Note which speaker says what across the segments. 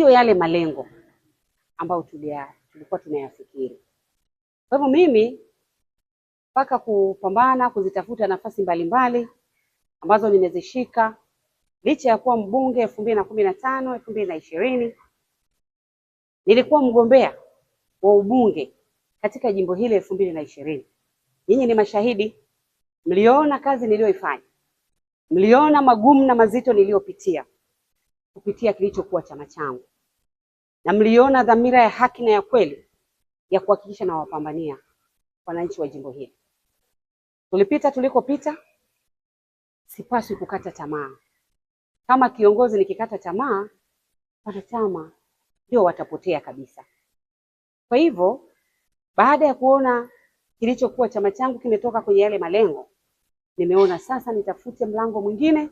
Speaker 1: sio yale malengo ambayo tulia tulikuwa tunayafikiri. Kwa hivyo mimi mpaka kupambana kuzitafuta nafasi mbalimbali ambazo nimezishika licha ya kuwa mbunge elfu mbili na kumi na tano elfu mbili na ishirini nilikuwa mgombea wa ubunge katika jimbo hili elfu mbili na ishirini. Nyinyi ni mashahidi, mliona kazi niliyoifanya, mliona magumu na mazito niliyopitia kupitia kilichokuwa chama changu na mliona dhamira ya haki na ya kweli ya kuhakikisha na wapambania wananchi wa jimbo hili. Tulipita tulikopita, sipaswi kukata tamaa. Kama kiongozi nikikata tamaa, wanachama ndio watapotea kabisa. Kwa hivyo, baada ya kuona kilichokuwa chama changu kimetoka kwenye yale malengo, nimeona sasa nitafute mlango mwingine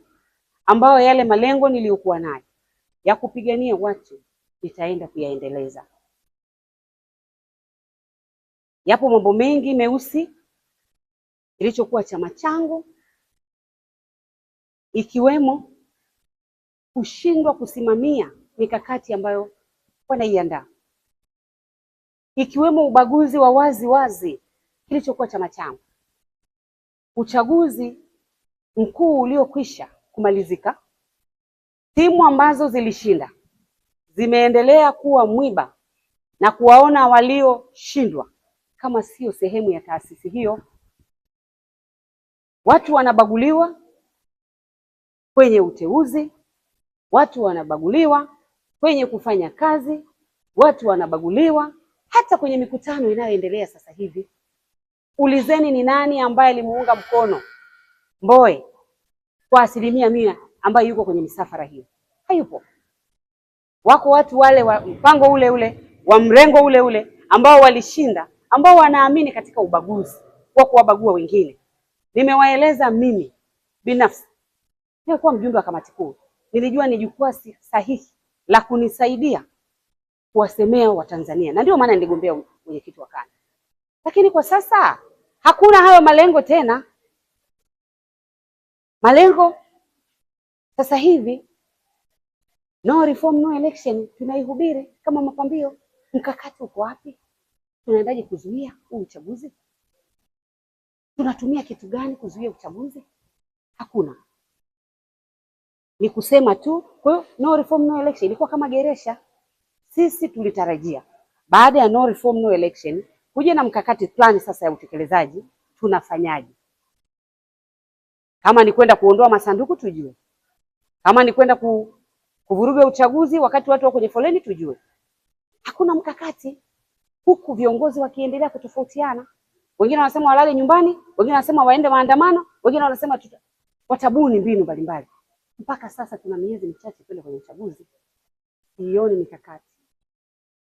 Speaker 1: ambao yale malengo niliyokuwa nayo ya kupigania watu nitaenda kuyaendeleza. Yapo mambo mengi meusi kilichokuwa chama changu, ikiwemo kushindwa kusimamia mikakati ambayo wanaiandaa, ikiwemo ubaguzi wa wazi wazi kilichokuwa chama changu. Uchaguzi mkuu uliokwisha kumalizika, timu ambazo zilishinda zimeendelea kuwa mwiba na kuwaona walioshindwa kama sio sehemu ya taasisi hiyo. Watu wanabaguliwa kwenye uteuzi, watu wanabaguliwa kwenye kufanya kazi, watu wanabaguliwa hata kwenye mikutano inayoendelea sasa hivi. Ulizeni ni nani ambaye alimuunga mkono Mbowe kwa asilimia mia ambayo yuko kwenye misafara hiyo? Hayupo. Wako watu wale wa mpango ule ule wa mrengo ule ule ambao walishinda, ambao wanaamini katika ubaguzi wa kuwabagua wengine. Nimewaeleza mimi binafsi, nilikuwa mjumbe wa kamati kuu, nilijua ni jukwaa sahihi la kunisaidia kuwasemea Watanzania, na ndio maana niligombea mwenyekiti wa kanda. Lakini kwa sasa hakuna hayo malengo tena. Malengo sasa hivi No reform, no election tunaihubiri kama mapambio. Mkakati uko wapi? Tunaendaje kuzuia huu uchaguzi? Tunatumia kitu gani kuzuia uchaguzi? Hakuna, ni kusema tu. Kwa hiyo no reform, no election ilikuwa kama geresha. Sisi tulitarajia baada ya no reform, no election kuja na mkakati fulani sasa ya utekelezaji. Tunafanyaje? kama ni kwenda kuondoa masanduku tujue, kama ni kwenda ku kuvuruga uchaguzi wakati watu wako kwenye foleni, tujue hakuna mkakati, huku viongozi wakiendelea kutofautiana. Wengine wanasema walale nyumbani, wengine wanasema waende maandamano, wengine wanasema tuta... watabuni mbinu mbalimbali. Mpaka sasa tuna miezi michache kwenda kwenye uchaguzi, sioni mikakati.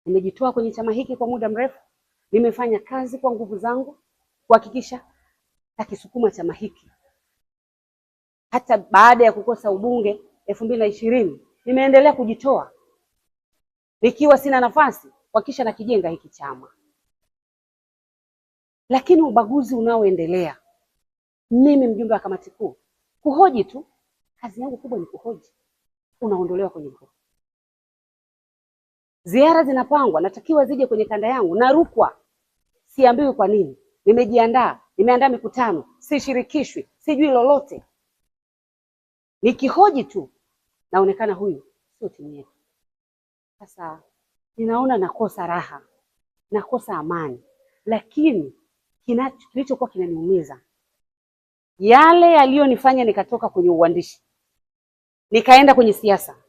Speaker 1: Nimejitoa kwenye chama hiki kwa muda mrefu, nimefanya kazi kwa nguvu zangu kuhakikisha nakisukuma chama hiki hata baada ya kukosa ubunge elfu mbili na ishirini nimeendelea kujitoa nikiwa sina nafasi kuhakikisha nakijenga hiki chama, lakini ubaguzi unaoendelea, mimi mjumbe wa kamati kuu kuhoji tu, kazi yangu kubwa ni kuhoji, unaondolewa kwenye mkoa. Ziara zinapangwa, natakiwa zije kwenye kanda yangu, narukwa, siambiwi kwa nini. Nimejiandaa, nimeandaa mikutano, sishirikishwi, sijui lolote, nikihoji tu naonekana huyu sio timu yetu. Sasa ninaona nakosa raha, nakosa amani, lakini kilichokuwa kinaniumiza yale yaliyonifanya nikatoka kwenye uandishi nikaenda kwenye siasa,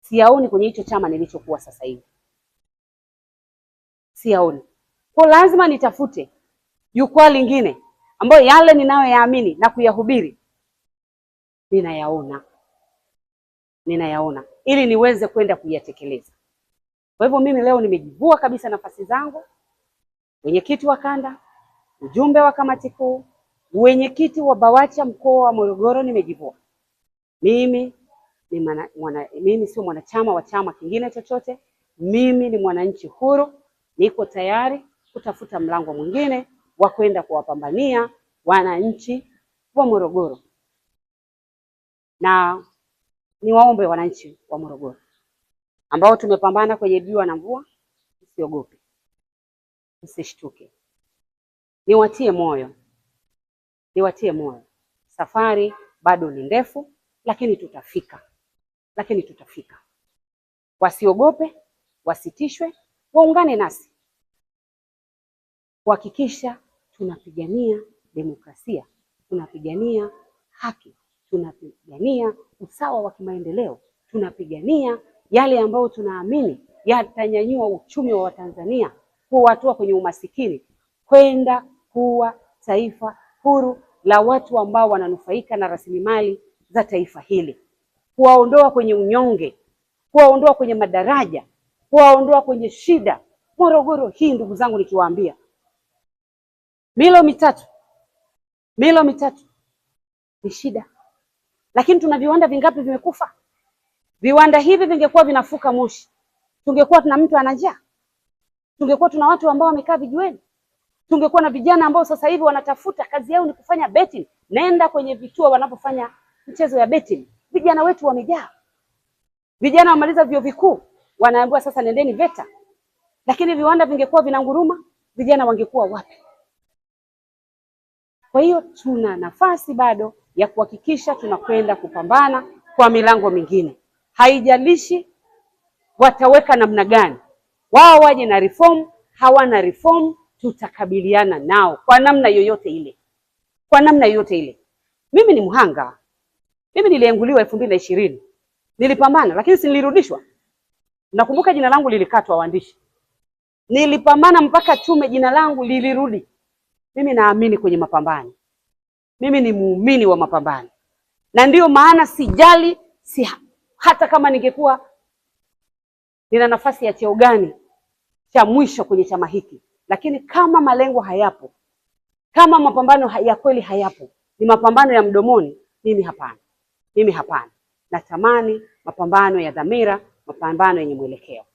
Speaker 1: siyaoni kwenye hicho chama nilichokuwa sasa hivi, siyaoni. Kwa lazima nitafute jukwaa lingine ambayo yale ninayoyaamini na kuyahubiri ninayaona ninayaona ili niweze kwenda kuyatekeleza. Kwa hivyo mimi leo nimejivua kabisa nafasi zangu, mwenyekiti wa kanda, ujumbe wa kamati kuu, mwenyekiti wa BAWACHA mkoa wa Morogoro nimejivua. Mimi ni mwana, mimi sio mwanachama wa chama kingine chochote. Mimi ni mwananchi huru, niko tayari kutafuta mlango mwingine wa kwenda kuwapambania wananchi wa Morogoro na ni waombe wananchi wa Morogoro ambao tumepambana kwenye jua na mvua, msiogope, msishtuke, niwatie moyo, niwatie moyo. Safari bado ni ndefu, lakini tutafika, lakini tutafika. Wasiogope, wasitishwe, waungane nasi kuhakikisha tunapigania demokrasia, tunapigania haki tunapigania usawa wa kimaendeleo, tunapigania yale ambayo tunaamini yatanyanyua uchumi wa Watanzania, kuwatoa kwenye umasikini kwenda kuwa taifa huru la watu ambao wananufaika na rasilimali za taifa hili, kuwaondoa kwenye unyonge, kuwaondoa kwenye madaraja, kuwaondoa kwenye shida. Morogoro hii, ndugu zangu, nikiwaambia milo mitatu, milo mitatu ni shida lakini tuna viwanda vingapi vimekufa? Viwanda hivi vingekuwa vinafuka moshi, tungekuwa tuna mtu ana njaa? Tungekuwa tuna watu ambao wamekaa vijiweni? Tungekuwa na vijana ambao sasa hivi wanatafuta kazi yao ni kufanya betting. Nenda kwenye vituo wanapofanya mchezo ya betting, vijana wetu wamejaa. Vijana wamaliza vyuo vikuu wanaambiwa sasa nendeni VETA. Lakini viwanda vingekuwa vinanguruma, vijana wangekuwa wapi? Kwa hiyo tuna nafasi bado ya kuhakikisha tunakwenda kupambana kwa milango mingine, haijalishi wataweka namna gani, wao waje na reform, hawana reform, tutakabiliana nao kwa namna yoyote ile, kwa namna yoyote ile. Mimi ni mhanga, mimi nilianguliwa elfu mbili na ishirini, nilipambana lakini si nilirudishwa. Nakumbuka jina langu lilikatwa, waandishi, nilipambana mpaka tume, jina langu lilirudi. Mimi naamini kwenye mapambano. Mimi ni muumini wa mapambano, na ndiyo maana sijali si, hata kama ningekuwa nina nafasi ya cheo gani cha mwisho kwenye chama hiki, lakini kama malengo hayapo, kama mapambano ya kweli hayapo, ni mapambano ya mdomoni, mimi hapana, mimi hapana. Natamani mapambano ya dhamira, mapambano yenye mwelekeo.